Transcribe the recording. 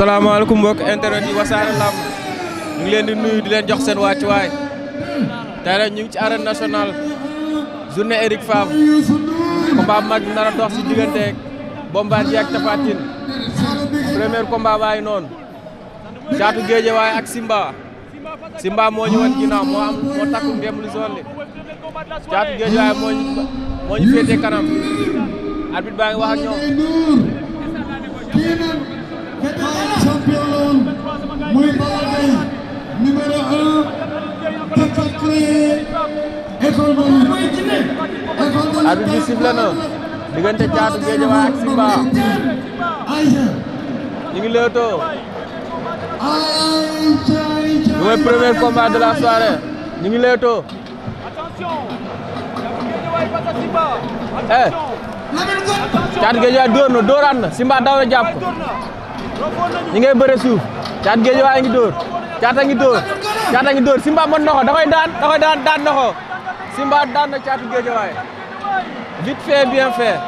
salaamaaleykum mbokk internet yi wasaare lamb ñu nuyu di jox seen wàccuwaay tey nag ñu ngi ci arène nationale journée Eric Favre combat mag nar a dox si digganteeg Bombardier ak Tapha premier combat baay noonu caatu Géejawaay ak Simba Simba moo ñu wan moo am moo takku ngem lu zone li caatu Géejawaay moo ñu moo ñu kanam arbitre baa ngi ñoom muy Balla Gaye numéro un dafa créé Caatu Géejawaay Simba. ñu ngi leetoo. ñu mooy premier combat de la soirée ñu ngi leetoo. eh. Caatu Géejawaay dóor na dóoraan Simba daw na jàpp. ñi ngay caat géej waa ngi dóor caata ngi dóor caata ngi dóor Simba mën na ko da daan da daan daan na ko Simba daan na caatu géej waaye vite fait bien fait.